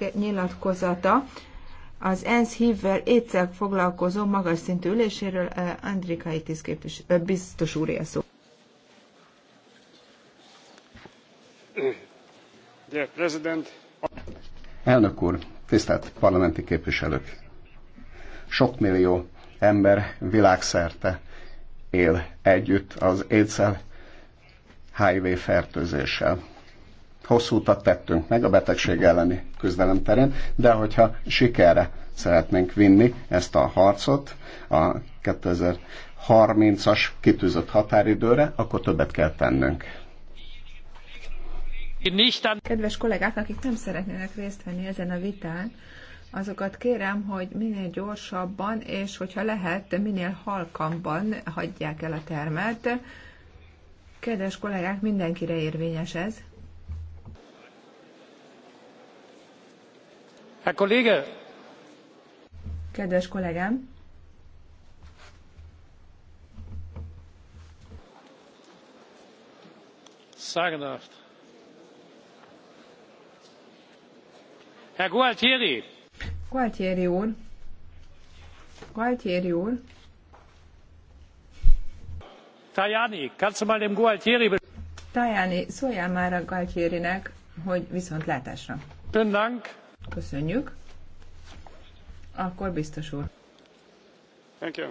megnyilatkozata az ENSZ hívvel étszel foglalkozó magas szintű üléséről eh, Andrikaitis eh, biztos úr szó. Elnök úr, tisztelt parlamenti képviselők! Sok millió ember világszerte él együtt az étszel HIV fertőzéssel hosszú utat tettünk meg a betegség elleni küzdelem terén, de hogyha sikerre szeretnénk vinni ezt a harcot a 2030-as kitűzött határidőre, akkor többet kell tennünk. Kedves kollégák, akik nem szeretnének részt venni ezen a vitán, azokat kérem, hogy minél gyorsabban, és hogyha lehet, minél halkamban hagyják el a termet. Kedves kollégák, mindenkire érvényes ez. herr kollege! kedves kollégám! sagenhaft! herr gualtieri! gualtieri úr! gualtieri úr! tajani kannst du mal dem gualtieri. tajani szóljál már a gualtierinek hogy viszontlátásra. vielen dank! Köszönjük. Akkor biztos úr. Thank you.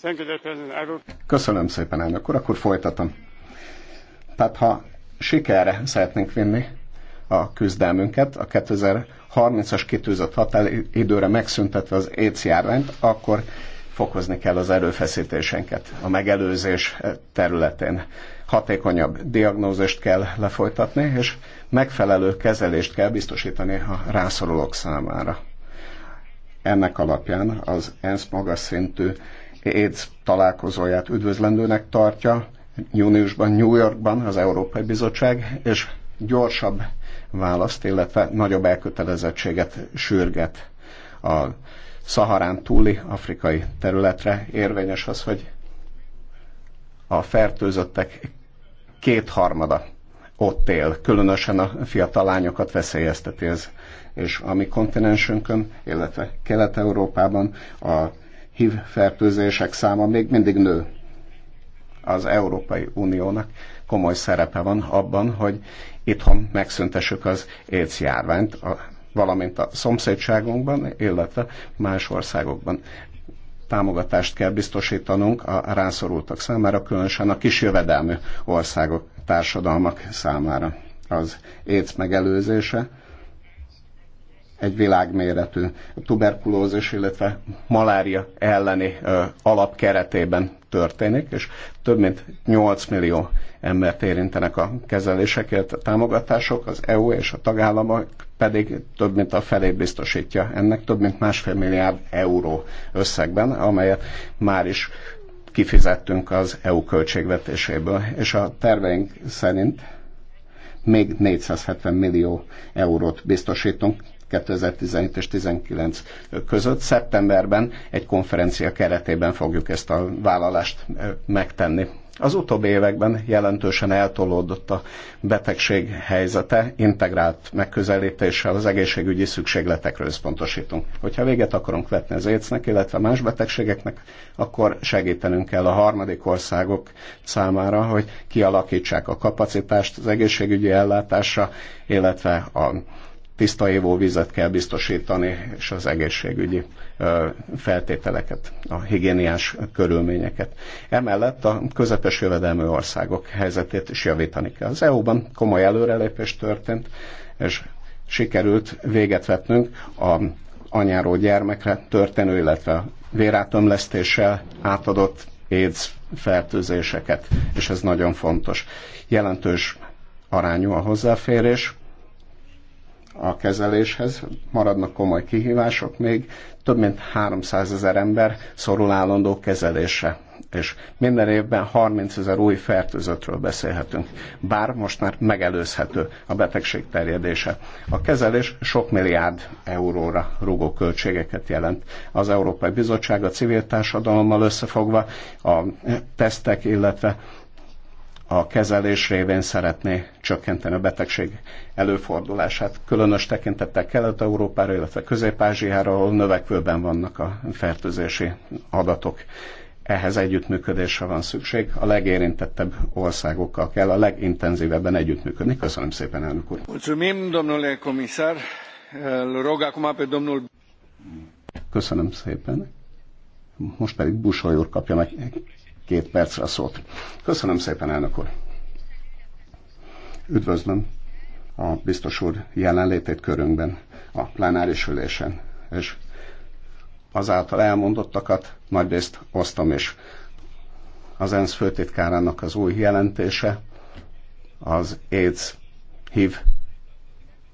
Thank you, will... Köszönöm szépen, elnök úr. Akkor folytatom. Tehát ha sikerre szeretnénk vinni a küzdelmünket, a 2030-as kitűzött határidőre megszüntetve az éci járványt, akkor fokozni kell az erőfeszítésenket a megelőzés területén hatékonyabb diagnózist kell lefolytatni, és megfelelő kezelést kell biztosítani a rászorulók számára. Ennek alapján az ENSZ magas szintű AIDS találkozóját üdvözlendőnek tartja, júniusban New Yorkban az Európai Bizottság, és gyorsabb választ, illetve nagyobb elkötelezettséget sürget a Szaharán túli afrikai területre érvényes az, hogy a fertőzöttek kétharmada ott él, különösen a fiatal lányokat veszélyezteti ez. És a mi kontinensünkön, illetve Kelet-Európában a HIV fertőzések száma még mindig nő. Az Európai Uniónak komoly szerepe van abban, hogy itthon megszüntessük az AIDS járványt, a, valamint a szomszédságunkban, illetve más országokban támogatást kell biztosítanunk a rászorultak számára, különösen a kisjövedelmű országok, társadalmak számára. Az AIDS megelőzése egy világméretű tuberkulózis, illetve malária elleni alapkeretében történik, és több mint 8 millió embert érintenek a kezelések, a támogatások, az EU és a tagállamok pedig több mint a felét biztosítja. Ennek több mint másfél milliárd euró összegben, amelyet már is kifizettünk az EU költségvetéséből, és a terveink szerint még 470 millió eurót biztosítunk 2017 és 2019 között. Szeptemberben egy konferencia keretében fogjuk ezt a vállalást eh, megtenni. Az utóbbi években jelentősen eltolódott a betegség helyzete, integrált megközelítéssel az egészségügyi szükségletekről összpontosítunk. Hogyha véget akarunk vetni az écnek, illetve más betegségeknek, akkor segítenünk kell a harmadik országok számára, hogy kialakítsák a kapacitást az egészségügyi ellátásra, illetve a tiszta évóvizet kell biztosítani, és az egészségügyi feltételeket, a higiéniás körülményeket. Emellett a közepes jövedelmű országok helyzetét is javítani kell. Az EU-ban komoly előrelépés történt, és sikerült véget vetnünk a anyáró gyermekre történő, illetve vérátömlesztéssel átadott AIDS fertőzéseket, és ez nagyon fontos. Jelentős arányú a hozzáférés, a kezeléshez, maradnak komoly kihívások még, több mint 300 ezer ember szorul állandó kezelése és minden évben 30 ezer új fertőzöttről beszélhetünk, bár most már megelőzhető a betegség terjedése. A kezelés sok milliárd euróra rugó költségeket jelent. Az Európai Bizottság a civil társadalommal összefogva a tesztek, illetve a kezelés révén szeretné csökkenteni a betegség előfordulását, különös tekintettel Kelet-Európára, illetve Közép-Ázsiára, ahol növekvőben vannak a fertőzési adatok. Ehhez együttműködésre van szükség. A legérintettebb országokkal kell a legintenzívebben együttműködni. Köszönöm szépen, elnök úr. Köszönöm szépen. Most pedig Busoly úr kapja meg két percre a szót. Köszönöm szépen, elnök úr. Üdvözlöm a biztos úr jelenlétét körünkben, a plenáris ülésen, és azáltal elmondottakat nagyrészt osztom is. Az ENSZ főtitkárának az új jelentése az AIDS HIV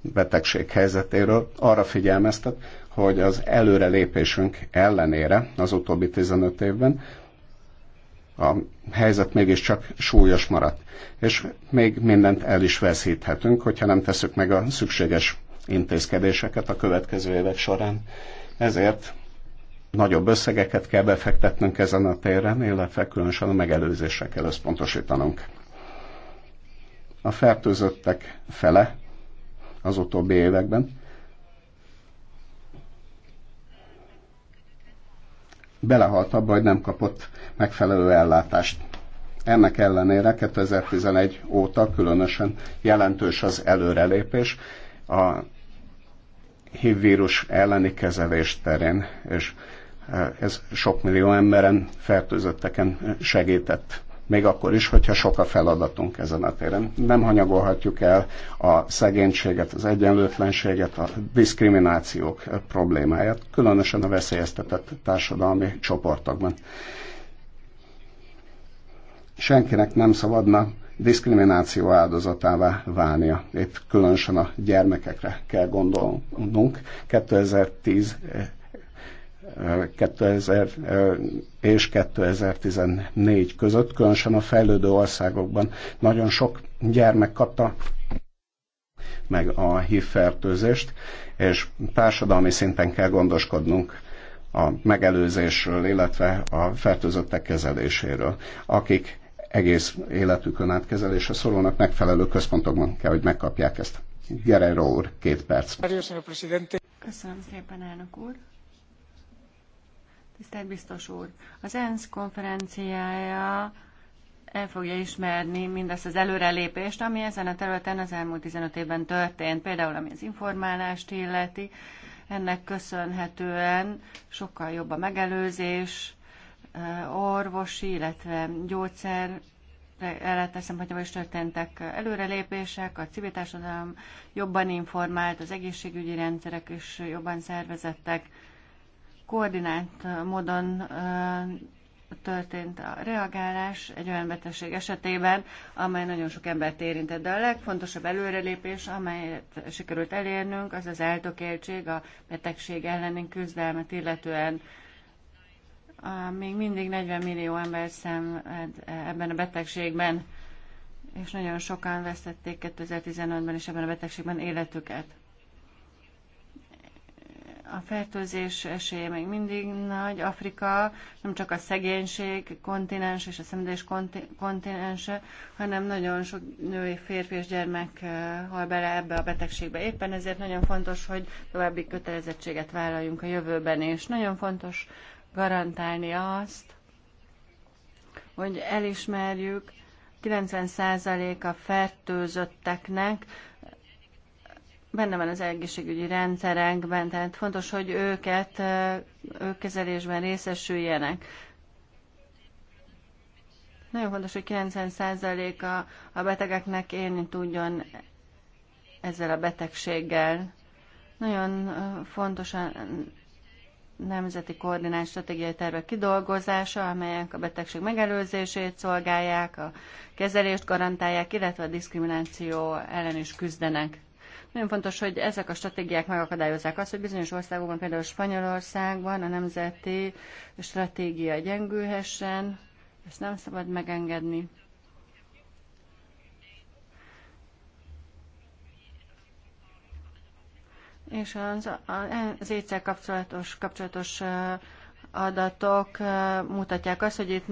betegség helyzetéről arra figyelmeztet, hogy az előrelépésünk ellenére az utóbbi 15 évben a helyzet mégiscsak súlyos maradt. És még mindent el is veszíthetünk, hogyha nem tesszük meg a szükséges intézkedéseket a következő évek során. Ezért nagyobb összegeket kell befektetnünk ezen a téren, illetve különösen a megelőzésre kell összpontosítanunk. A fertőzöttek fele az utóbbi években belehalt abba, hogy nem kapott megfelelő ellátást. Ennek ellenére 2011 óta különösen jelentős az előrelépés a vírus elleni kezelés terén, és eh, ez sok millió emberen, fertőzötteken segített még akkor is, hogyha sok a feladatunk ezen a téren. Nem hanyagolhatjuk el a szegénységet, az egyenlőtlenséget, a diszkriminációk problémáját, különösen a veszélyeztetett társadalmi csoportokban. Senkinek nem szabadna diszkrimináció áldozatává válnia. Itt különösen a gyermekekre kell gondolnunk. 2010 2000 és 2014 között, különösen a fejlődő országokban nagyon sok gyermek kapta meg a HIV fertőzést, és társadalmi szinten kell gondoskodnunk a megelőzésről, illetve a fertőzöttek kezeléséről, akik egész életükön át kezelésre szorulnak, megfelelő központokban kell, hogy megkapják ezt. Guerrero úr, két perc. Köszönöm szépen, elnök úr. Tisztelt biztos úr, az ENSZ konferenciája el fogja ismerni mindezt az előrelépést, ami ezen a területen az elmúlt 15 évben történt, például ami az informálást illeti. Ennek köszönhetően sokkal jobb a megelőzés, orvosi, illetve gyógyszer ellátás szempontjából is történtek előrelépések, a civil társadalom jobban informált, az egészségügyi rendszerek is jobban szervezettek, koordinált módon történt a reagálás egy olyan betegség esetében, amely nagyon sok embert érintett. De a legfontosabb előrelépés, amelyet sikerült elérnünk, az az eltökéltség a betegség elleni küzdelmet, illetően még mindig 40 millió ember szenved e, ebben a betegségben, és nagyon sokan vesztették 2015-ben is ebben a betegségben életüket. A fertőzés esélye még mindig nagy. Afrika nem csak a szegénység kontinens és a szenvedés kontinense, hanem nagyon sok női, férfi és gyermek hal bele ebbe a betegségbe. Éppen ezért nagyon fontos, hogy további kötelezettséget vállaljunk a jövőben, és nagyon fontos garantálni azt, hogy elismerjük 90% a fertőzötteknek benne van az egészségügyi rendszerekben, tehát fontos, hogy őket, ők kezelésben részesüljenek. Nagyon fontos, hogy 90%-a a betegeknek élni tudjon ezzel a betegséggel. Nagyon fontos a nemzeti koordinált stratégiai tervek kidolgozása, amelyek a betegség megelőzését szolgálják, a kezelést garantálják, illetve a diszkrimináció ellen is küzdenek. Nagyon fontos, hogy ezek a stratégiák megakadályozzák azt, hogy bizonyos országokban, például Spanyolországban a nemzeti stratégia gyengülhessen. Ezt nem szabad megengedni. És az, az éjszel kapcsolatos, kapcsolatos uh, adatok mutatják azt, hogy itt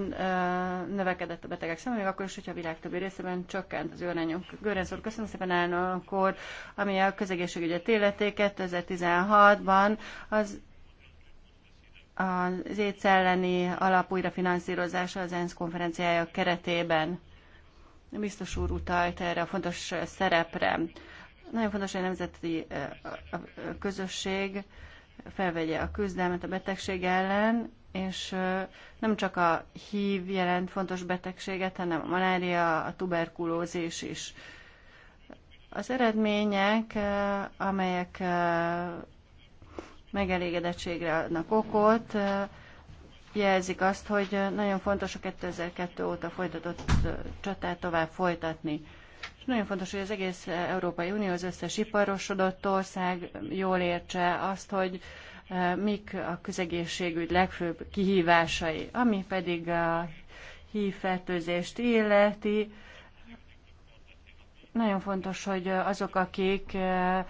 növekedett a betegek száma, még akkor is, hogyha a világ többi részében csökkent az őrányok. Görenc úr, köszönöm szépen elnök úr, ami a közegészségügyet életé 2016-ban az az éjsz elleni alap újrafinanszírozása az ENSZ konferenciája keretében. Biztos úr utalt erre a fontos szerepre. Nagyon fontos, hogy a nemzeti közösség felvegye a küzdelmet a betegség ellen, és nem csak a hív jelent fontos betegséget, hanem a malária, a tuberkulózis is. Az eredmények, amelyek megelégedettségre adnak okot, jelzik azt, hogy nagyon fontos a 2002 óta folytatott csatát tovább folytatni nagyon fontos, hogy az egész Európai Unió, az összes iparosodott ország jól értse azt, hogy e, mik a közegészségügy legfőbb kihívásai, ami pedig a hívfertőzést illeti. Nagyon fontos, hogy azok, akik e, e,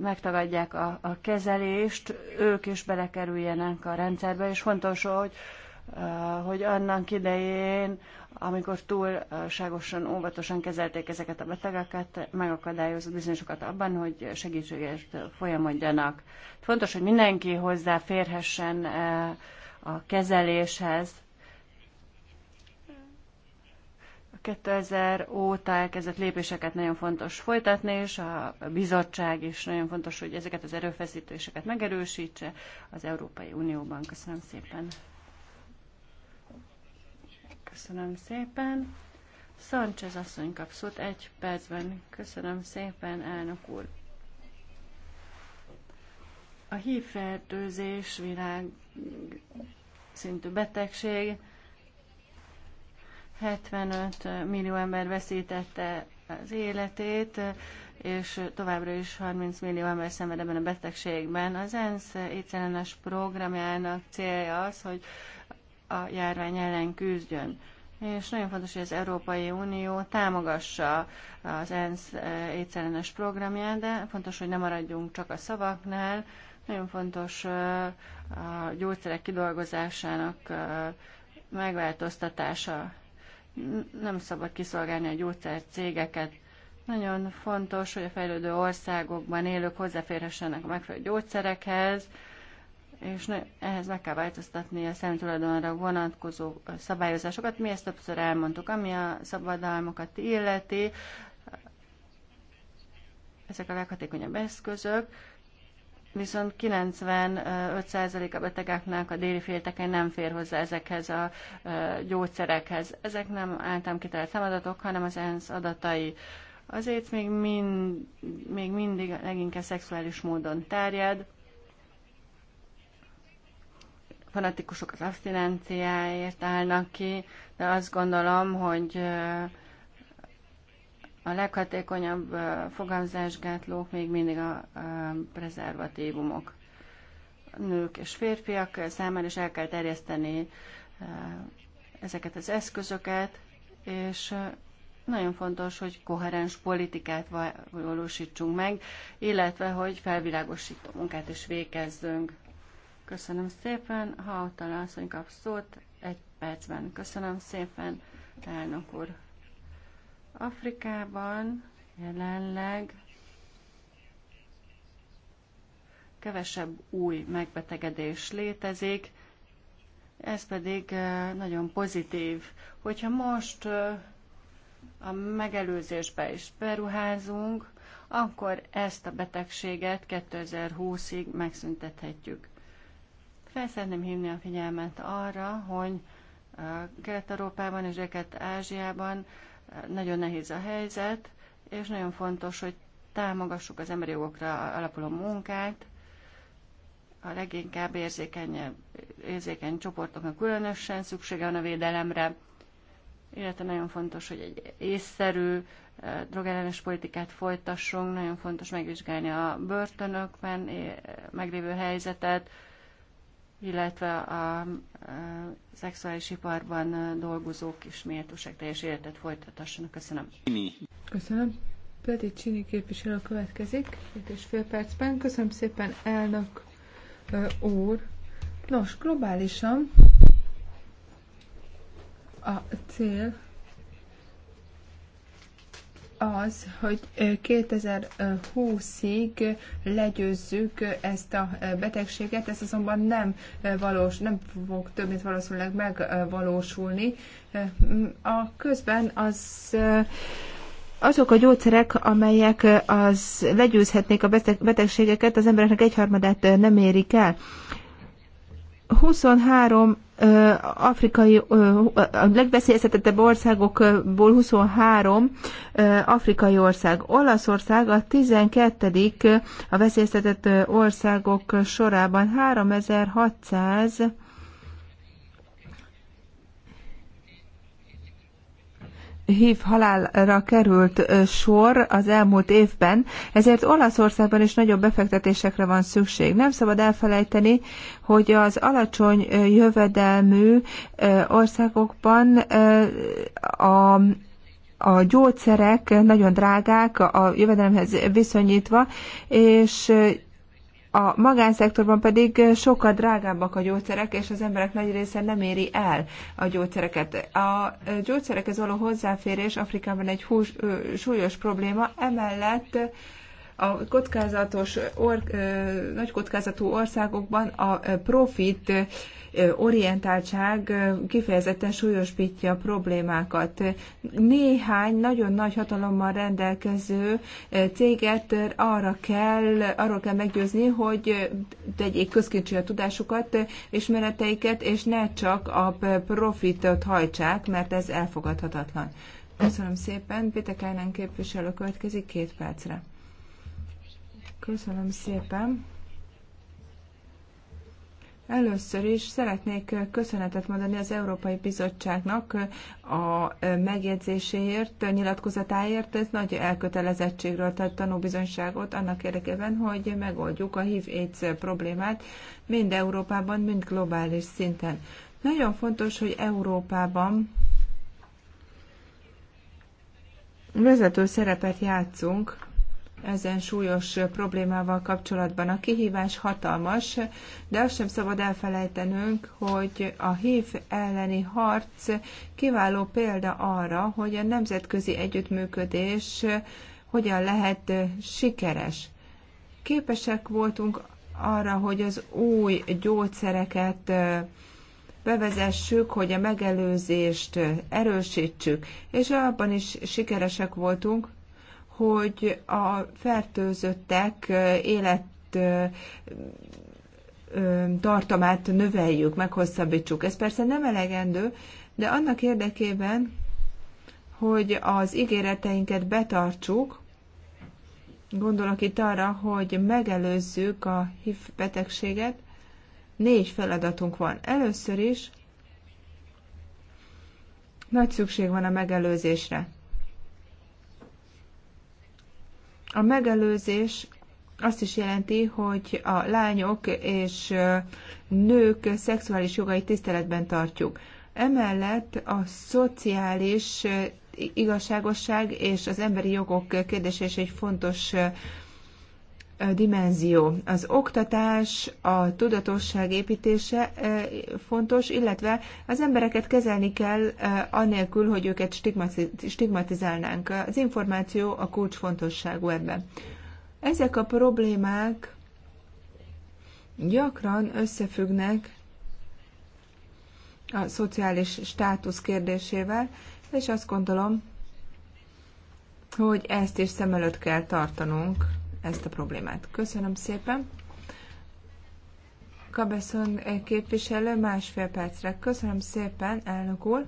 megtagadják a, a kezelést, ők is belekerüljenek a rendszerbe, és fontos, hogy, hogy annak idején amikor túlságosan óvatosan kezelték ezeket a betegeket, megakadályozott bizonyosokat abban, hogy segítséget folyamodjanak. Fontos, hogy mindenki hozzáférhessen eh, a kezeléshez. 2000 óta elkezdett lépéseket nagyon fontos folytatni, és a bizottság is nagyon fontos, hogy ezeket az erőfeszítéseket megerősítse az Európai Unióban. Köszönöm szépen! Köszönöm szépen. Sanchez asszony kap szót egy percben. Köszönöm szépen, elnök úr. A hívfertőzés világ szintű betegség. 75 millió ember veszítette az életét, és továbbra is 30 millió ember szenved ebben a betegségben. Az ENSZ ételenes programjának célja az, hogy a járvány ellen küzdjön. És nagyon fontos, hogy az Európai Unió támogassa az ENSZ eh, étszerenes programját, de fontos, hogy ne maradjunk csak a szavaknál. Nagyon fontos eh, a gyógyszerek kidolgozásának eh, megváltoztatása. Nem szabad kiszolgálni a gyógyszercégeket. Nagyon fontos, hogy a fejlődő országokban élők hozzáférhessenek a megfelelő gyógyszerekhez, és ne, ehhez meg kell változtatni a szemtulajdonra vonatkozó szabályozásokat. Mi ezt többször elmondtuk, ami a szabadalmakat illeti, ezek a leghatékonyabb eszközök, viszont 95% a betegeknek a déli félteken nem fér hozzá ezekhez a gyógyszerekhez. Ezek nem általán kitalált számadatok, hanem az ENSZ adatai. Azért még, mind, még mindig leginkább szexuális módon terjed, fanatikusok az abstinenciáért állnak ki, de azt gondolom, hogy a leghatékonyabb fogamzásgátlók még mindig a prezervatívumok. Nők és férfiak számára is el kell terjeszteni ezeket az eszközöket, és nagyon fontos, hogy koherens politikát valósítsunk meg, illetve hogy felvilágosító munkát is végezzünk. Köszönöm szépen. Hautala asszony kap szót egy percben. Köszönöm szépen, elnök úr. Afrikában jelenleg kevesebb új megbetegedés létezik, ez pedig nagyon pozitív. Hogyha most a megelőzésbe is beruházunk, akkor ezt a betegséget 2020-ig megszüntethetjük. Fel szeretném hívni a figyelmet arra, hogy Kelet-Európában és Ázsiában nagyon nehéz a helyzet, és nagyon fontos, hogy támogassuk az emberi jogokra alapuló munkát, a leginkább érzékeny, érzékeny csoportoknak különösen szüksége van a védelemre, illetve nagyon fontos, hogy egy észszerű drogellenes politikát folytassunk, nagyon fontos megvizsgálni a börtönökben meglévő helyzetet, illetve a, a szexuális iparban dolgozók is méltóság teljes életet folytathassanak. Köszönöm. Köszönöm. Peti Csini képviselő következik, két és fél percben. Köszönöm szépen, elnök úr. Nos, globálisan a cél az, hogy 2020-ig legyőzzük ezt a betegséget, ez azonban nem valós, nem fog több mint valószínűleg megvalósulni. A közben az azok a gyógyszerek, amelyek az legyőzhetnék a betegségeket, az embereknek egyharmadát nem érik el. 23 afrikai, a legveszélyeztetettebb országokból 23 afrikai ország. Olaszország a 12. a veszélyeztetett országok sorában 3600 hív halálra került sor az elmúlt évben, ezért Olaszországban is nagyobb befektetésekre van szükség. Nem szabad elfelejteni, hogy az alacsony jövedelmű országokban a a gyógyszerek nagyon drágák a jövedelemhez viszonyítva, és a magánszektorban pedig sokkal drágábbak a gyógyszerek, és az emberek nagy része nem éri el a gyógyszereket. A gyógyszerekhez való hozzáférés Afrikában egy hús, súlyos probléma, emellett a kockázatos, or, nagy kockázatú országokban a profit orientáltság kifejezetten súlyosbítja a problémákat. Néhány nagyon nagy hatalommal rendelkező céget arra kell, arról kell meggyőzni, hogy tegyék közkincsi a tudásukat, ismereteiket, és ne csak a profitot hajtsák, mert ez elfogadhatatlan. Köszönöm szépen. Péter Kájnán képviselő következik két percre. Köszönöm szépen. Először is szeretnék köszönetet mondani az Európai Bizottságnak a megjegyzéséért, nyilatkozatáért. Ez nagy elkötelezettségről tett tanúbizonyságot annak érdekében, hogy megoldjuk a HIV-AIDS problémát mind Európában, mind globális szinten. Nagyon fontos, hogy Európában vezető szerepet játszunk ezen súlyos problémával kapcsolatban. A kihívás hatalmas, de azt sem szabad elfelejtenünk, hogy a HIV elleni harc kiváló példa arra, hogy a nemzetközi együttműködés hogyan lehet sikeres. Képesek voltunk arra, hogy az új gyógyszereket bevezessük, hogy a megelőzést erősítsük, és abban is sikeresek voltunk, hogy a fertőzöttek élet tartamát növeljük, meghosszabbítsuk. Ez persze nem elegendő, de annak érdekében, hogy az ígéreteinket betartsuk, gondolok itt arra, hogy megelőzzük a HIV betegséget, négy feladatunk van. Először is nagy szükség van a megelőzésre. A megelőzés azt is jelenti, hogy a lányok és nők szexuális jogait tiszteletben tartjuk. Emellett a szociális igazságosság és az emberi jogok kérdése is egy fontos dimenzió. Az oktatás, a tudatosság építése eh, fontos, illetve az embereket kezelni kell eh, anélkül, hogy őket stigmatizálnánk. Az információ a kulcs fontosságú ebben. Ezek a problémák gyakran összefüggnek a szociális státusz kérdésével, és azt gondolom, hogy ezt is szem előtt kell tartanunk ezt a problémát. Köszönöm szépen. Kabeszon eh, képviselő másfél percre. Köszönöm szépen, elnök úr.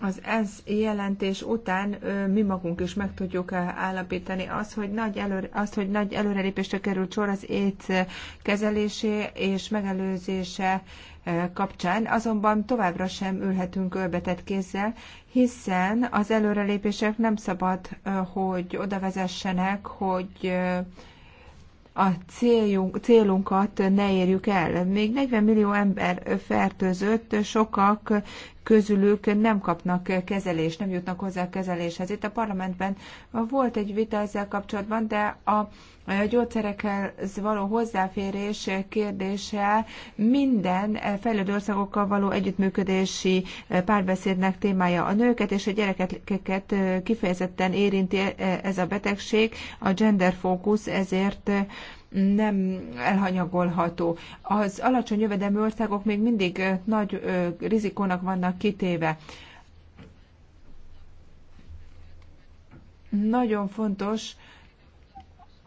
az ez jelentés után mi magunk is meg tudjuk állapítani az, hogy nagy, előre, az, hogy nagy előrelépésre került sor az ét kezelésé és megelőzése kapcsán, azonban továbbra sem ülhetünk ölbetett kézzel, hiszen az előrelépések nem szabad, hogy oda vezessenek, hogy a céljunk, célunkat ne érjük el. Még 40 millió ember fertőzött, sokak közülük nem kapnak kezelést, nem jutnak hozzá a kezeléshez. Itt a parlamentben volt egy vita ezzel kapcsolatban, de a a gyógyszerekhez való hozzáférés kérdése minden fejlődő országokkal való együttműködési párbeszédnek témája a nőket és a gyerekeket kifejezetten érinti ez a betegség, a gender fókusz ezért nem elhanyagolható. Az alacsony jövedelmi országok még mindig nagy rizikónak vannak kitéve. Nagyon fontos,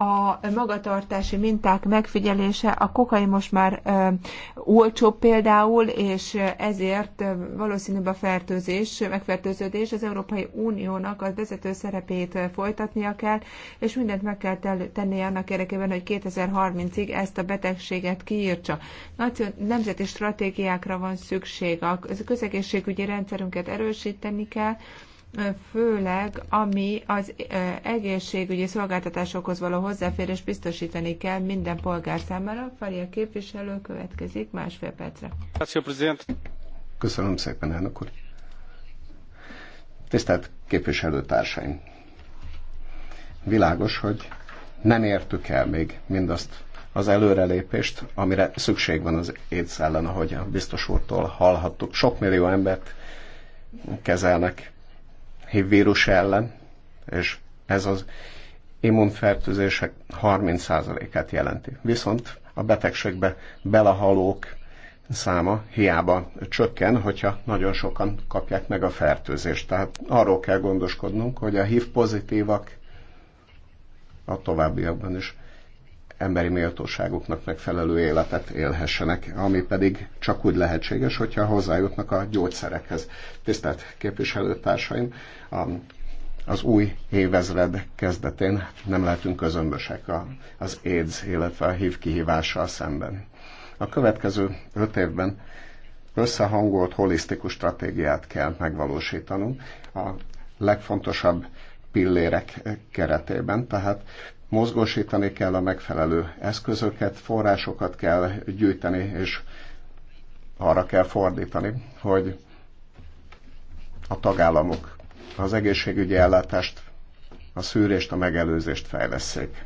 a magatartási minták megfigyelése, a kokai most már ö, olcsóbb például, és ezért valószínűbb a fertőzés, megfertőződés. Az Európai Uniónak a vezető szerepét folytatnia kell, és mindent meg kell tennie annak érdekében, hogy 2030-ig ezt a betegséget kiírtsa. Nemzeti stratégiákra van szükség, a közegészségügyi rendszerünket erősíteni kell, főleg ami az egészségügyi szolgáltatásokhoz való hozzáférés biztosítani kell minden polgár számára. a képviselő következik másfél percre. Köszönöm szépen, elnök úr. Tisztelt képviselőtársaim! Világos, hogy nem értük el még mindazt az előrelépést, amire szükség van az étsz ellen, ahogy a biztos úrtól hallhattuk. Sok millió embert kezelnek HIV vírus ellen, és ez az immunfertőzések 30%-át jelenti. Viszont a betegségbe belehalók száma hiába csökken, hogyha nagyon sokan kapják meg a fertőzést. Tehát arról kell gondoskodnunk, hogy a HIV pozitívak a továbbiakban is emberi méltóságuknak megfelelő életet élhessenek, ami pedig csak úgy lehetséges, hogyha hozzájutnak a gyógyszerekhez. Tisztelt képviselőtársaim, a az új évezred kezdetén nem lehetünk közömbösek az AIDS, illetve a HIV kihívással szemben. A következő öt évben összehangolt, holisztikus stratégiát kell megvalósítanunk. A legfontosabb pillérek keretében, tehát mozgósítani kell a megfelelő eszközöket, forrásokat kell gyűjteni, és arra kell fordítani, hogy a tagállamok az egészségügyi ellátást, a szűrést, a megelőzést fejleszék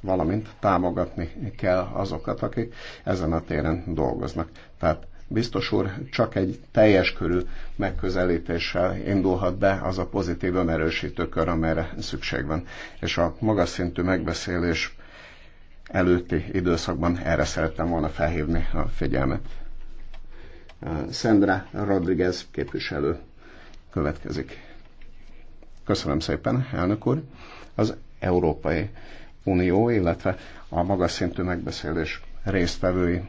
valamint támogatni kell azokat, akik ezen a téren dolgoznak. Tehát Biztos úr, csak egy teljes körű megközelítéssel indulhat be az a pozitív önerősítő kör, amelyre szükség van. És a magas szintű megbeszélés előtti időszakban erre szerettem volna felhívni a figyelmet. Szendra Rodriguez képviselő következik. Köszönöm szépen, elnök úr. Az Európai Unió, illetve a magas szintű megbeszélés résztvevői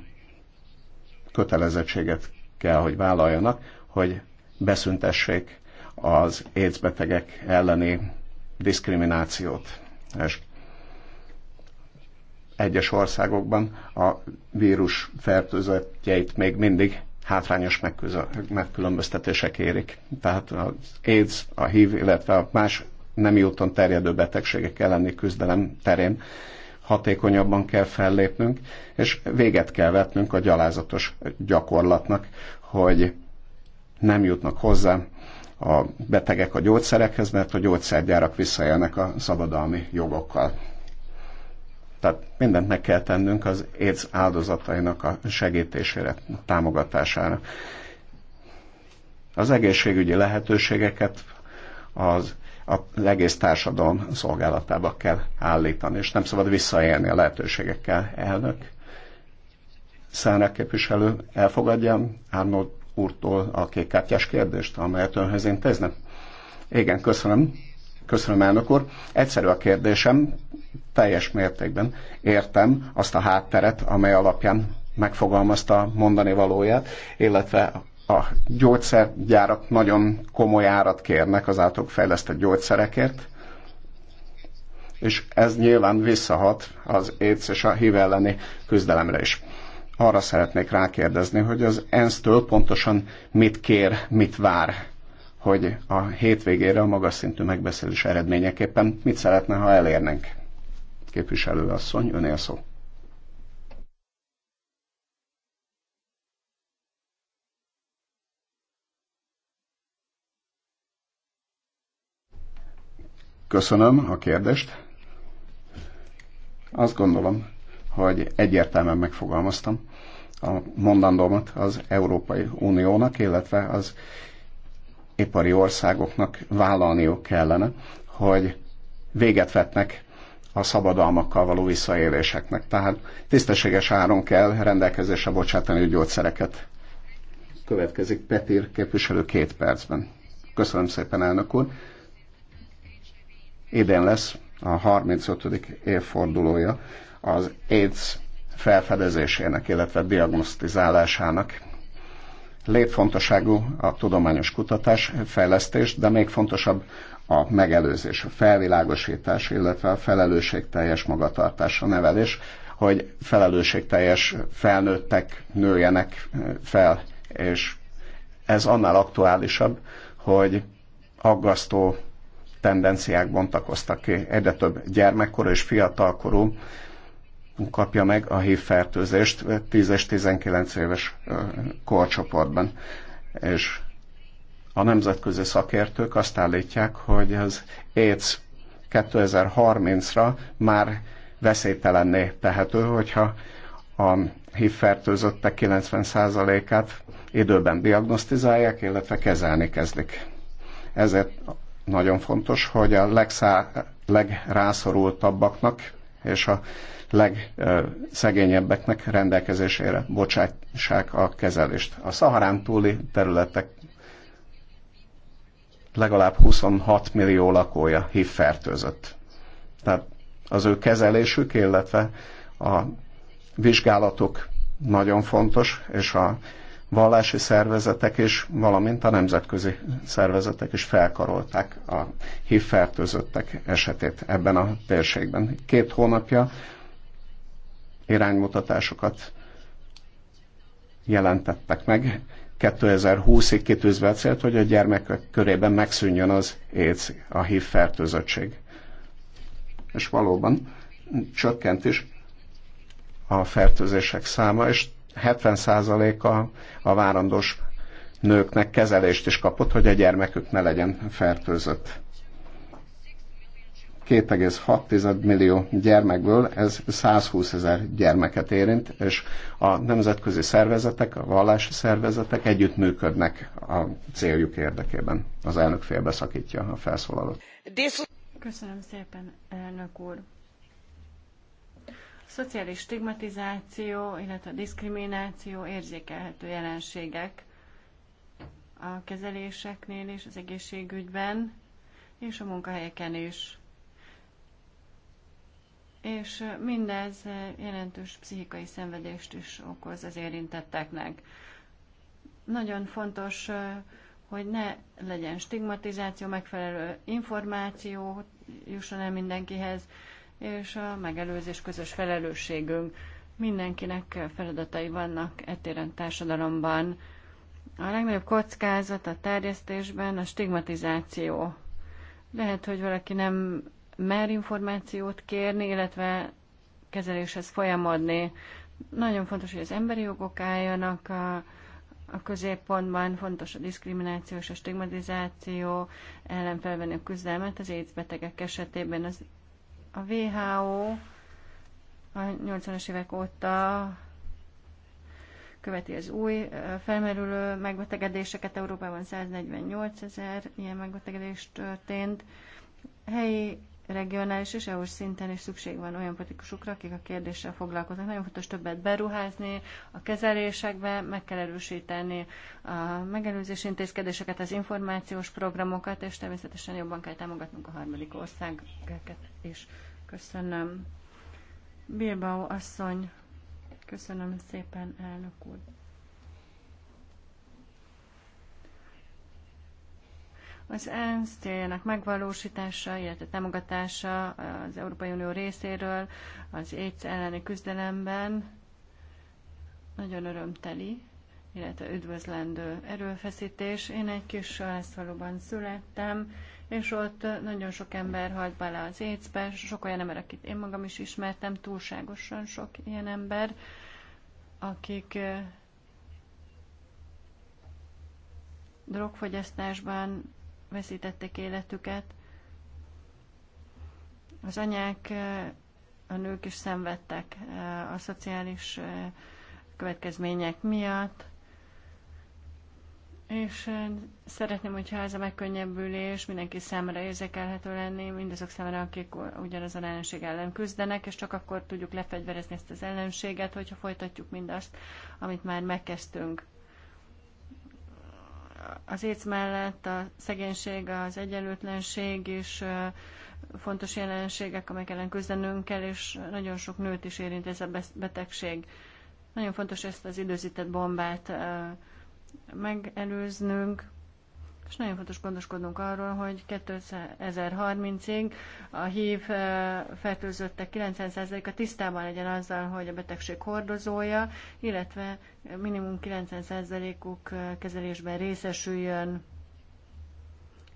kötelezettséget kell, hogy vállaljanak, hogy beszüntessék az AIDS betegek elleni diszkriminációt. És egyes országokban a vírus fertőzettjeit még mindig hátrányos megkülönböztetések érik. Tehát az AIDS, a HIV, illetve a más nem úton terjedő betegségek elleni küzdelem terén hatékonyabban kell fellépnünk, és véget kell vetnünk a gyalázatos gyakorlatnak, hogy nem jutnak hozzá a betegek a gyógyszerekhez, mert a gyógyszergyárak visszajönnek a szabadalmi jogokkal. Tehát mindent meg kell tennünk az AIDS áldozatainak a segítésére, a támogatására. Az egészségügyi lehetőségeket az az egész társadalom szolgálatába kell állítani, és nem szabad visszaélni a lehetőségekkel. Elnök, Szának képviselő, elfogadjam Arnold úrtól a kékkártyás kérdést, amelyet önhöz intézne. Igen, köszönöm. Köszönöm, elnök úr. Egyszerű a kérdésem, teljes mértékben értem azt a hátteret, amely alapján megfogalmazta mondani valóját, illetve a gyógyszergyárak nagyon komoly árat kérnek az általuk fejlesztett gyógyszerekért, és ez nyilván visszahat az AIDS és a HIV elleni küzdelemre is. Arra szeretnék rákérdezni, hogy az ENSZ-től pontosan mit kér, mit vár, hogy a hétvégére a magas szintű megbeszélés eredményeképpen mit szeretne, ha elérnénk. Képviselőasszony, önél szó. Köszönöm a kérdést. Azt gondolom, hogy egyértelműen megfogalmaztam a mondandómat az Európai Uniónak, illetve az ipari országoknak vállalniuk kellene, hogy véget vetnek a szabadalmakkal való visszaéléseknek. Tehát tisztességes áron kell rendelkezésre bocsátani a gyógyszereket. Következik Petir képviselő két percben. Köszönöm szépen, elnök úr. Idén lesz a 35. évfordulója az AIDS felfedezésének, illetve diagnosztizálásának. Létfontosságú a tudományos kutatás, fejlesztés, de még fontosabb a megelőzés, a felvilágosítás, illetve a felelősségteljes magatartás, a nevelés, hogy felelősségteljes felnőttek nőjenek fel, és ez annál aktuálisabb, hogy aggasztó tendenciák bontakoztak ki. Egyre több gyermekkorú és fiatalkorú kapja meg a fertőzést 10 és 19 éves korcsoportban. És a nemzetközi szakértők azt állítják, hogy az AIDS 2030-ra már veszélytelenné tehető, hogyha a hívfertőzöttek 90%-át időben diagnosztizálják, illetve kezelni kezdik. Ezért nagyon fontos, hogy a legszá, legrászorultabbaknak és a legszegényebbeknek rendelkezésére bocsássák a kezelést. A szaharán túli területek legalább 26 millió lakója hív fertőzött. Tehát az ő kezelésük, illetve a vizsgálatok nagyon fontos, és a vallási szervezetek és valamint a nemzetközi szervezetek is felkarolták a hívfertőzöttek esetét ebben a térségben. Két hónapja iránymutatásokat jelentettek meg, 2020-ig kitűzve a célt, hogy a gyermekek körében megszűnjön az AIDS, a HIV fertőzöttség. És valóban csökkent is a fertőzések száma, és 70%-a a várandós nőknek kezelést is kapott, hogy a gyermekük ne legyen fertőzött. 2,6 millió gyermekből ez 120 ezer gyermeket érint, és a nemzetközi szervezetek, a vallási szervezetek együttműködnek a céljuk érdekében. Az elnök félbeszakítja a felszólalót. Köszönöm szépen, elnök úr. Szociális stigmatizáció, illetve a diszkrimináció érzékelhető jelenségek a kezeléseknél és az egészségügyben, és a munkahelyeken is. És mindez jelentős pszichikai szenvedést is okoz az érintetteknek. Nagyon fontos, hogy ne legyen stigmatizáció, megfelelő információ jusson el mindenkihez, és a megelőzés közös felelősségünk. Mindenkinek feladatai vannak etéren társadalomban. A legnagyobb kockázat a terjesztésben a stigmatizáció. Lehet, hogy valaki nem mer információt kérni, illetve kezeléshez folyamodni. Nagyon fontos, hogy az emberi jogok álljanak a, a középpontban, fontos a diszkrimináció és a stigmatizáció ellen felvenni a küzdelmet. Az AIDS betegek esetében az a WHO a 80-as évek óta követi az új felmerülő megbetegedéseket. Európában 148 ezer ilyen megbetegedés történt. Helyi regionális és EU-s szinten is szükség van olyan politikusokra, akik a kérdéssel foglalkoznak. Nagyon fontos többet beruházni a kezelésekbe, meg kell erősíteni a megelőzés intézkedéseket, az információs programokat, és természetesen jobban kell támogatnunk a harmadik országokat is. Köszönöm. Bilbao asszony, köszönöm szépen, elnök úr. Az ENSZ céljának megvalósítása, illetve támogatása az Európai Unió részéről az AIDS elleni küzdelemben nagyon örömteli, illetve üdvözlendő erőfeszítés. Én egy kis faluban születtem, és ott nagyon sok ember halt bele az AIDS-be, sok olyan ember, akit én magam is ismertem, túlságosan sok ilyen ember, akik eh, drogfogyasztásban, veszítették életüket. Az anyák, a nők is szenvedtek a szociális következmények miatt, és szeretném, hogyha ez a megkönnyebbülés mindenki számára érzékelhető lenni, mindazok számára, akik ugyanaz a ellenség ellen küzdenek, és csak akkor tudjuk lefegyverezni ezt az ellenséget, hogyha folytatjuk mindazt, amit már megkezdtünk az éc mellett a szegénység, az egyenlőtlenség is fontos jelenségek, amelyek ellen küzdenünk kell, és nagyon sok nőt is érint ez a betegség. Nagyon fontos ezt az időzített bombát megelőznünk, és nagyon fontos gondoskodnunk arról, hogy 2030-ig a hív eh, fertőzöttek 90%-a tisztában legyen azzal, hogy a betegség hordozója, illetve minimum 90%-uk eh, kezelésben részesüljön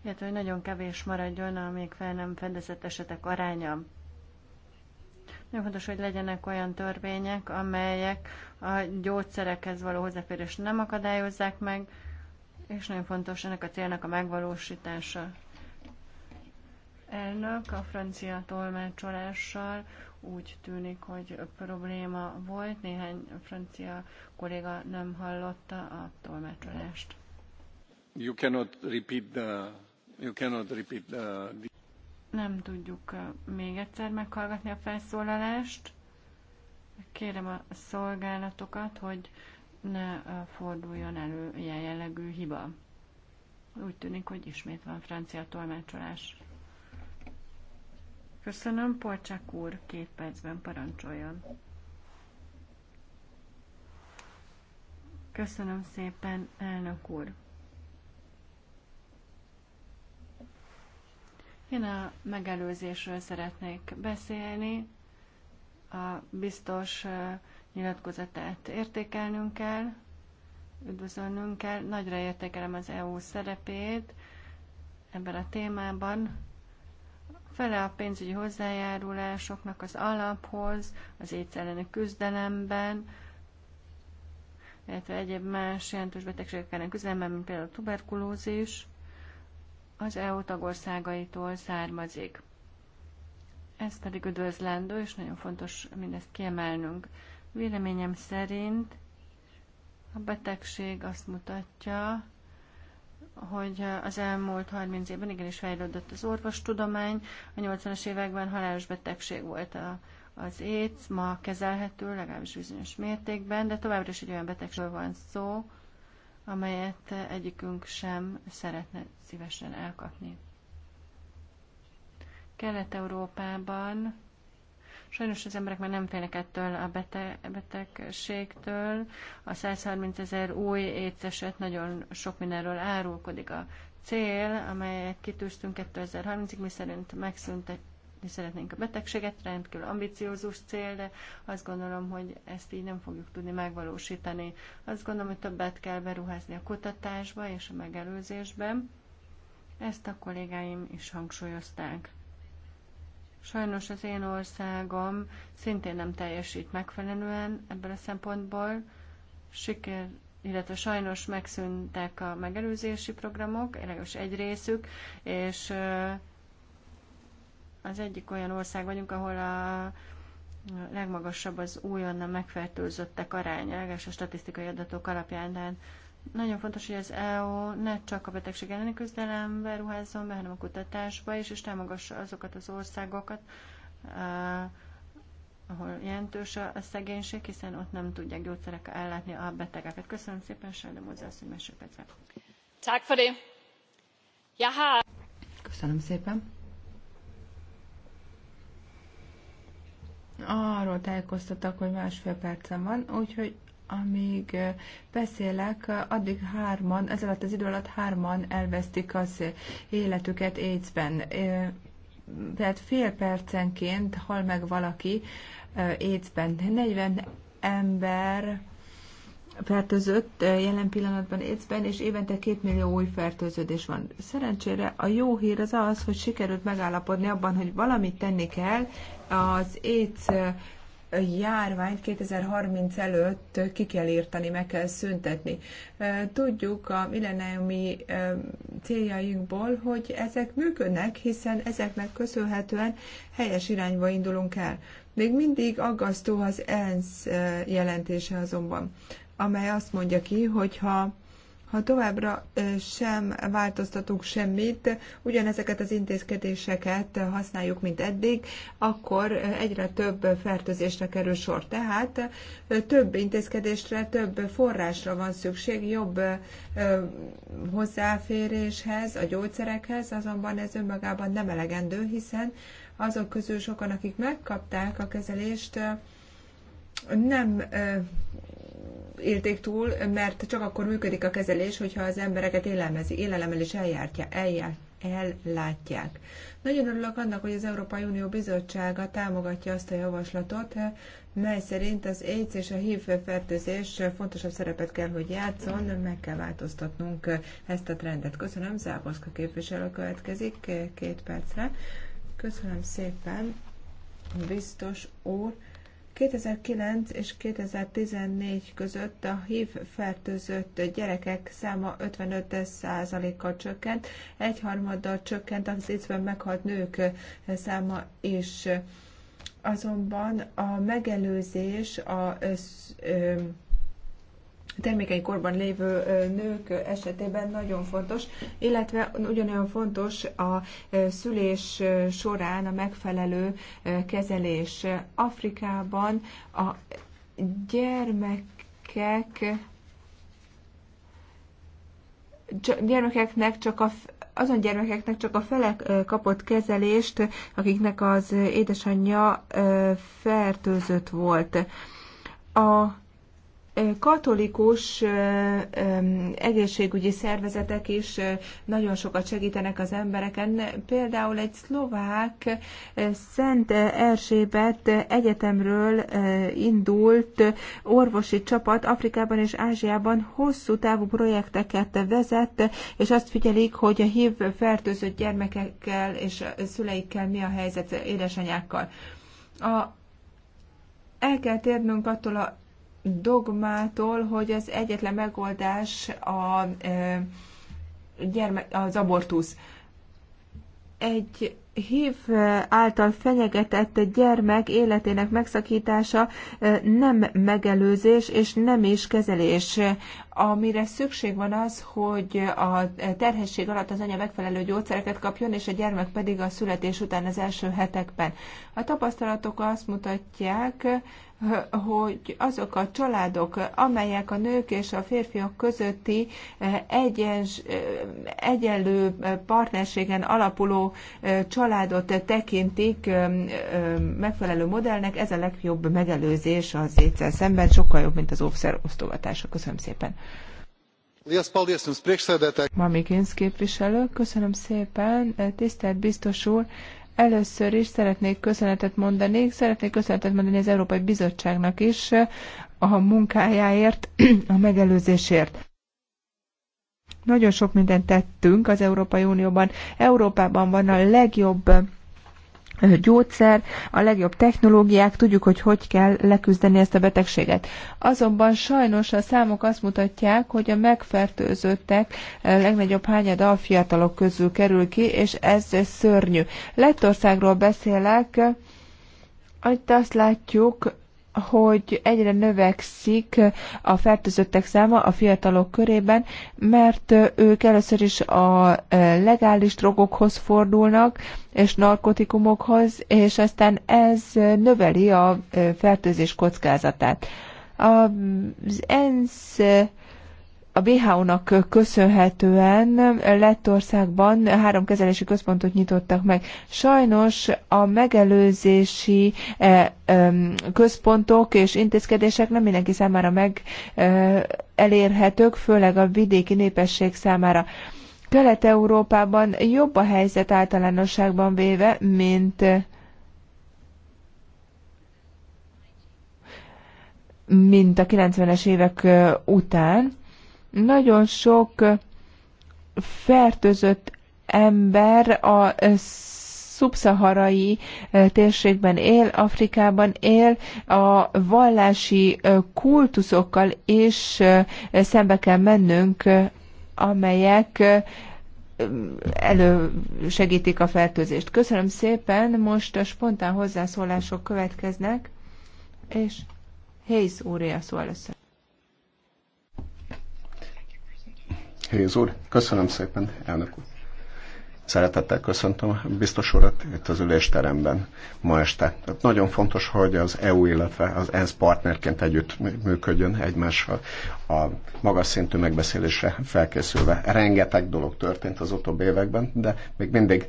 illetve hogy nagyon kevés maradjon a még fel nem fedezett esetek aránya. Nagyon fontos, hogy legyenek olyan törvények, amelyek a gyógyszerekhez való hozzáférést nem akadályozzák meg, és nagyon fontos ennek a célnak a megvalósítása. Elnök a francia tolmácsolással úgy tűnik, hogy probléma volt, néhány francia kolléga nem hallotta a tolmácsolást. You cannot repeat the, you cannot repeat the... Nem tudjuk uh, még egyszer meghallgatni a felszólalást. Kérem a szolgálatokat, hogy ne forduljon elő ilyen jellegű hiba. Úgy tűnik, hogy ismét van francia tolmácsolás. Köszönöm, Polcsák úr, két percben parancsoljon. Köszönöm szépen, elnök úr. Én a megelőzésről szeretnék beszélni. A biztos uh, nyilatkozatát értékelnünk kell, üdvözölnünk kell. Nagyra értékelem az EU szerepét ebben a témában. Fele a pénzügyi hozzájárulásoknak az alaphoz, az éjsz elleni küzdelemben, illetve egyéb más jelentős betegségek ellen küzdelemben, mint például a tuberkulózis, az EU tagországaitól származik. Ez pedig üdvözlendő, és nagyon fontos mindezt kiemelnünk. Véleményem szerint a betegség azt mutatja, hogy az elmúlt 30 évben igenis fejlődött az orvostudomány, a 80-as években halálos betegség volt a, az éjsz, ma kezelhető, legalábbis bizonyos mértékben, de továbbra is egy olyan betegségről van szó, amelyet egyikünk sem szeretne szívesen elkapni. Kelet-Európában Sajnos az emberek már nem félnek ettől a bete- betegségtől. A 130 ezer új éteset nagyon sok mindenről árulkodik. A cél, amelyet kitűztünk 2030-ig, mi szerint megszüntetjük mi szeretnénk a betegséget, rendkívül ambiciózus cél, de azt gondolom, hogy ezt így nem fogjuk tudni megvalósítani. Azt gondolom, hogy többet kell beruházni a kutatásba és a megelőzésbe. Ezt a kollégáim is hangsúlyozták. Sajnos az én országom szintén nem teljesít megfelelően ebből a szempontból. Siker, illetve sajnos megszűntek a megelőzési programok, legalábbis egy részük, és az egyik olyan ország vagyunk, ahol a legmagasabb az újonnan megfertőzöttek aránya, és a statisztikai adatok alapján, tehát nagyon fontos, hogy az EO ne csak a betegség elleni küzdelembe ruházzon be, hanem a kutatásba is, és támogassa azokat az országokat, ahol jelentős a szegénység, hiszen ott nem tudják gyógyszerek ellátni a betegeket. Köszönöm szépen, Sáldom hozzászó, hogy mesélpetre. Köszönöm szépen. Arról tájékoztattak, hogy másfél percem van, úgyhogy amíg eh, beszélek, addig hárman, ez alatt az idő alatt hárman elvesztik az életüket AIDS-ben. Eh, tehát fél percenként hal meg valaki AIDS-ben. Eh, 40 ember fertőzött jelen pillanatban AIDS-ben, és évente két millió új fertőződés van. Szerencsére a jó hír az az, hogy sikerült megállapodni abban, hogy valamit tenni kell az AIDS járványt 2030 előtt ki kell írtani, meg kell szüntetni. Tudjuk a millenniumi céljainkból, hogy ezek működnek, hiszen ezeknek köszönhetően helyes irányba indulunk el. Még mindig aggasztó az ENSZ jelentése azonban, amely azt mondja ki, hogy ha ha továbbra sem változtatunk semmit, ugyanezeket az intézkedéseket használjuk, mint eddig, akkor egyre több fertőzésre kerül sor. Tehát több intézkedésre, több forrásra van szükség, jobb hozzáféréshez, a gyógyszerekhez, azonban ez önmagában nem elegendő, hiszen azok közül sokan, akik megkapták a kezelést, nem élték túl, mert csak akkor működik a kezelés, hogyha az embereket élelmezi, élelemmel is eljártja, eljár, ellátják. Nagyon örülök annak, hogy az Európai Unió Bizottsága támogatja azt a javaslatot, mely szerint az AIDS és a HIV fertőzés fontosabb szerepet kell, hogy játszon, meg kell változtatnunk ezt a trendet. Köszönöm, Záborszka képviselő következik két percre. Köszönöm szépen, biztos úr. 2009 és 2014 között a HIV fertőzött gyerekek száma 55%-kal csökkent, egyharmaddal csökkent az észben meghalt nők száma is. Azonban a megelőzés, a termékeny korban lévő nők esetében nagyon fontos, illetve ugyanolyan fontos a szülés során a megfelelő kezelés. Afrikában a gyermekek gyermekeknek csak a azon gyermekeknek csak a fele kapott kezelést, akiknek az édesanyja fertőzött volt. A katolikus egészségügyi szervezetek is nagyon sokat segítenek az embereken. Például egy szlovák Szent Erzsébet egyetemről indult orvosi csapat Afrikában és Ázsiában hosszú távú projekteket vezet, és azt figyelik, hogy a HIV fertőzött gyermekekkel és szüleikkel mi a helyzet édesanyákkal. A el kell térnünk attól a dogmától, hogy az egyetlen megoldás a, e, gyermek, az abortusz. Egy hív által fenyegetett gyermek életének megszakítása e, nem megelőzés és nem is kezelés. Amire szükség van az, hogy a terhesség alatt az anya megfelelő gyógyszereket kapjon, és a gyermek pedig a születés után az első hetekben. A tapasztalatok azt mutatják, hogy azok a családok, amelyek a nők és a férfiak közötti eh, egyens, eh, egyenlő eh, partnerségen alapuló családot tekintik megfelelő modellnek, ez a legjobb megelőzés az étszel szemben, sokkal jobb, mint az óvszer osztogatása. Köszönöm szépen. Mamikins képviselő, köszönöm szépen, tisztelt biztos úr. Először is szeretnék köszönetet mondani, szeretnék köszönetet mondani az Európai Bizottságnak is a munkájáért, a megelőzésért. Nagyon sok mindent tettünk az Európai Unióban. Európában van a legjobb gyógyszer, a legjobb technológiák, tudjuk, hogy hogy kell leküzdeni ezt a betegséget. Azonban sajnos a számok azt mutatják, hogy a megfertőzöttek eh, legnagyobb hányada a fiatalok közül kerül ki, és ez szörnyű. Lettországról beszélek, eh, itt azt látjuk, hogy egyre növekszik a fertőzöttek száma a fiatalok körében, mert ők először is a legális drogokhoz fordulnak, és narkotikumokhoz, és aztán ez növeli a fertőzés kockázatát. Az ENSZ a WHO-nak köszönhetően Lettországban három kezelési központot nyitottak meg. Sajnos a megelőzési eh, központok és intézkedések nem mindenki számára meg eh, elérhetők, főleg a vidéki népesség számára. Kelet-Európában jobb a helyzet általánosságban véve, mint mint a 90-es évek eh, után nagyon sok fertőzött ember a eh, szubszaharai eh, térségben él, Afrikában él, a vallási eh, kultuszokkal is szembe kell mennünk, amelyek elősegítik a fertőzést. Köszönöm szépen, most a spontán hozzászólások következnek, és Hész úr szó először. Helyez úr, köszönöm szépen, elnök úr. Szeretettel köszöntöm biztos urat itt az ülésteremben ma este. Tehát nagyon fontos, hogy az EU, illetve az ENSZ partnerként együtt működjön egymással a magas szintű megbeszélésre felkészülve. Rengeteg dolog történt az utóbbi években, de még mindig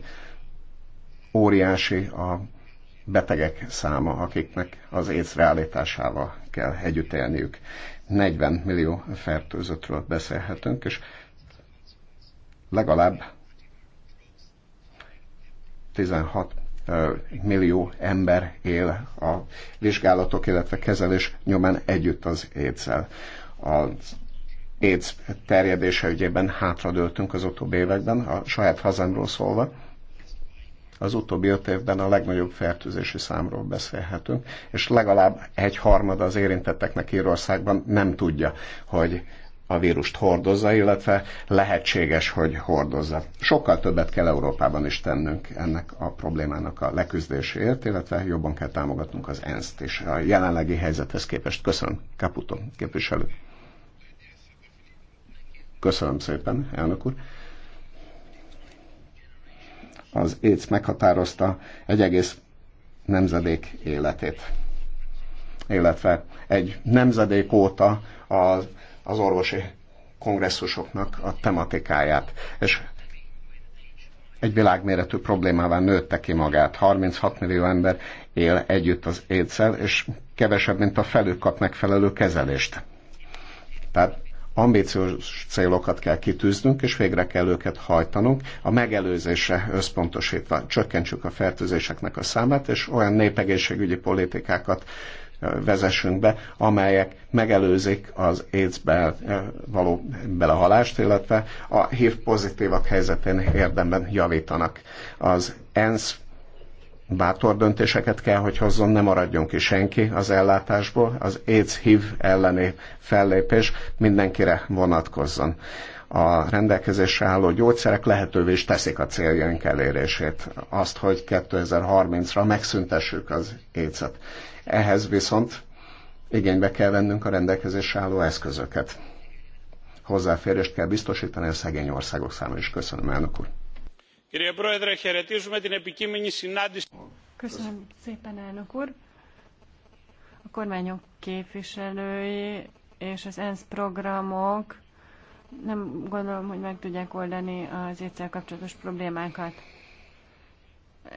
óriási a betegek száma, akiknek az ész kell együtt élniük. 40 millió fertőzöttről beszélhetünk, és legalább 16 millió ember él a vizsgálatok, illetve kezelés nyomán együtt az étszel. Az AIDS terjedése ügyében hátradőltünk az utóbbi években, a saját hazámról szólva. Az utóbbi öt évben a legnagyobb fertőzési számról beszélhetünk, és legalább egy harmada az érintetteknek Írországban nem tudja, hogy a vírust hordozza, illetve lehetséges, hogy hordozza. Sokkal többet kell Európában is tennünk ennek a problémának a leküzdéséért, illetve jobban kell támogatnunk az ENSZ-t is a jelenlegi helyzethez képest. Köszönöm, Caputo képviselő. Köszönöm szépen, elnök úr. Az ÉC meghatározta egy egész nemzedék életét illetve egy nemzedék óta az az orvosi kongresszusoknak a tematikáját, és egy világméretű problémává nőtte ki magát. 36 millió ember él együtt az étszel, és kevesebb, mint a felük kap megfelelő kezelést. Tehát ambíciós célokat kell kitűznünk, és végre kell őket hajtanunk, a megelőzésre összpontosítva csökkentsük a fertőzéseknek a számát, és olyan népegészségügyi politikákat vezessünk be, amelyek megelőzik az aids eh, való belehalást, illetve a HIV pozitívak helyzetén érdemben javítanak. Az ENSZ bátor döntéseket kell, hogy hozzon, ne maradjon ki senki az ellátásból, az AIDS-HIV elleni fellépés mindenkire vonatkozzon. A rendelkezésre álló gyógyszerek lehetővé is teszik a céljaink elérését, azt, hogy 2030-ra megszüntessük az aids -et. Ehhez viszont igénybe kell vennünk a rendelkezésre álló eszközöket. Hozzáférést kell biztosítani a szegény országok számára is. Köszönöm, elnök úr. Köszönöm szépen, elnök úr. A kormányok képviselői és az ENSZ programok nem gondolom, hogy meg tudják oldani az étszel kapcsolatos problémákat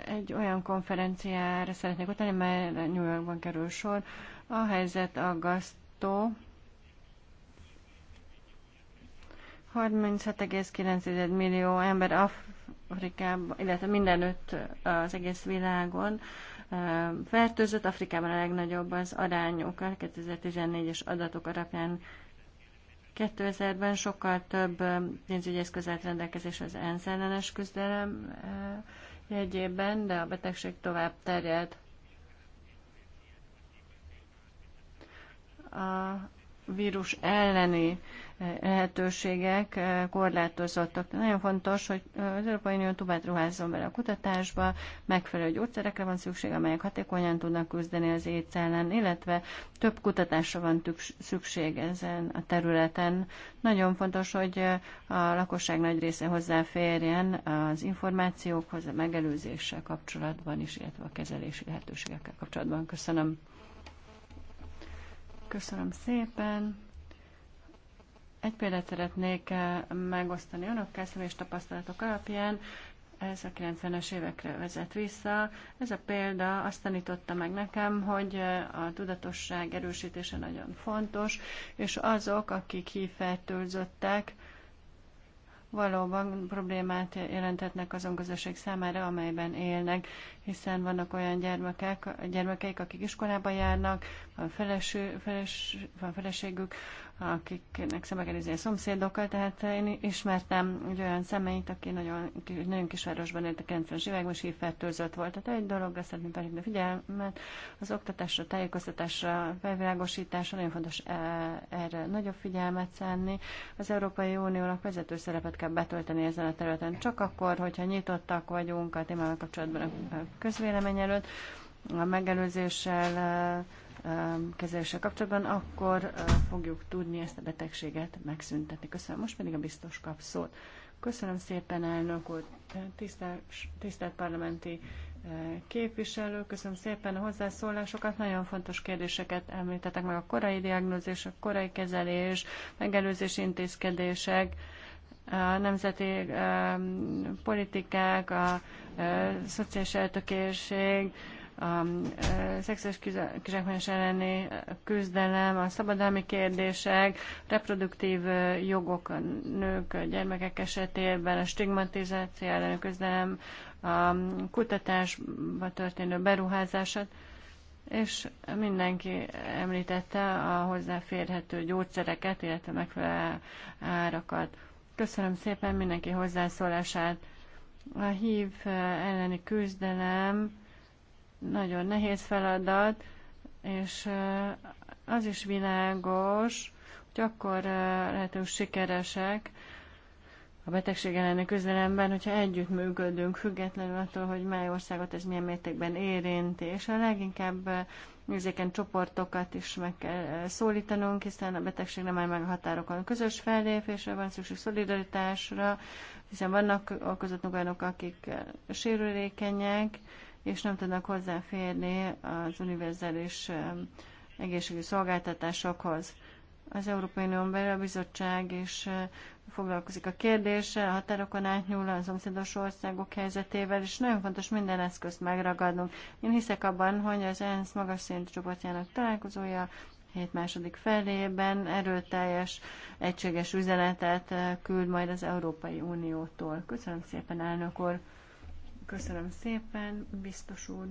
egy olyan konferenciára szeretnék utalni, mert New Yorkban kerül sor. A helyzet aggasztó. 36,9 millió ember Afrikában, illetve mindenütt az egész világon fertőzött. Afrikában a legnagyobb az arányuk. A 2014-es adatok alapján 2000-ben sokkal több pénzügyi eszközelt rendelkezés az ENSZ ellenes küzdelemre jegyében, de a betegség tovább terjed. A vírus elleni lehetőségek eh, korlátozottak. Nagyon fontos, hogy eh, az Európai Unió tovább ruházzon bele a kutatásba, megfelelő gyógyszerekre van szükség, amelyek hatékonyan tudnak küzdeni az éjsz ellen, illetve több kutatásra van szükség ezen a területen. Nagyon fontos, hogy eh, a lakosság nagy része hozzáférjen az információkhoz, a megelőzéssel kapcsolatban is, illetve a kezelési lehetőségekkel kapcsolatban. Köszönöm. Köszönöm szépen. Egy példát szeretnék eh, megosztani önökkel személyes tapasztalatok alapján. Ez a 90-es évekre vezet vissza. Ez a példa azt tanította meg nekem, hogy eh, a tudatosság erősítése nagyon fontos, és azok, akik hívfertőzöttek, valóban problémát jelentetnek azon közösség számára, amelyben élnek, hiszen vannak olyan gyermekek, gyermekeik, akik iskolában járnak, van, feleső, feles, van feleségük, akiknek szembekerüzi a szomszédokkal, tehát én ismertem egy olyan személyt, aki nagyon, nagyon kisvárosban élt a 90-es években, és így volt. Tehát egy dologra szeretném felhívni a figyelmet, az oktatásra, tájékoztatásra, felvilágosításra nagyon fontos e, erre nagyobb figyelmet szenni. Az Európai Uniónak vezető szerepet kell betölteni ezen a területen. Csak akkor, hogyha nyitottak vagyunk a témával kapcsolatban a közvélemény előtt, a megelőzéssel, kezelése kapcsolatban, akkor fogjuk tudni ezt a betegséget megszüntetni. Köszönöm. Most pedig a biztos kap szót. Köszönöm szépen, elnök úr, tisztelt, tisztelt parlamenti képviselő, köszönöm szépen a hozzászólásokat, nagyon fontos kérdéseket említettek meg a korai diagnózis, a korai kezelés, megelőzés intézkedések, a nemzeti politikák, a e, szociális eltökérség, a e, szexes kizsákmányos elleni küzdelem, a szabadalmi kérdések, reproduktív e, jogok a nők, a gyermekek esetében, a stigmatizáció elleni küzdelem, a kutatásba történő beruházását, és mindenki említette a hozzáférhető gyógyszereket, illetve megfelelő árakat. Köszönöm szépen mindenki hozzászólását. A hív eh, elleni küzdelem nagyon nehéz feladat, és eh, az is világos, hogy akkor eh, lehetünk sikeresek a betegség elleni küzdelemben, hogyha együttműködünk, függetlenül attól, hogy mely országot ez milyen mértékben érinti, és a leginkább műzéken csoportokat is meg kell eh, szólítanunk, hiszen a betegség nem áll meg a határokon. Közös fellépésre van szükség szolidaritásra, hiszen vannak a közöttünk olyanok, akik eh, sérülékenyek, és nem tudnak hozzáférni az univerzális eh, egészségügyi szolgáltatásokhoz. Az Európai Unión belül a bizottság is foglalkozik a kérdéssel, a határokon átnyúl a szomszédos országok helyzetével, és nagyon fontos minden eszközt megragadnunk. Én hiszek abban, hogy az ENSZ magas szintű csoportjának találkozója hét második felében erőteljes, egységes üzenetet küld majd az Európai Uniótól. Köszönöm szépen, elnök úr! Köszönöm szépen, biztos úr!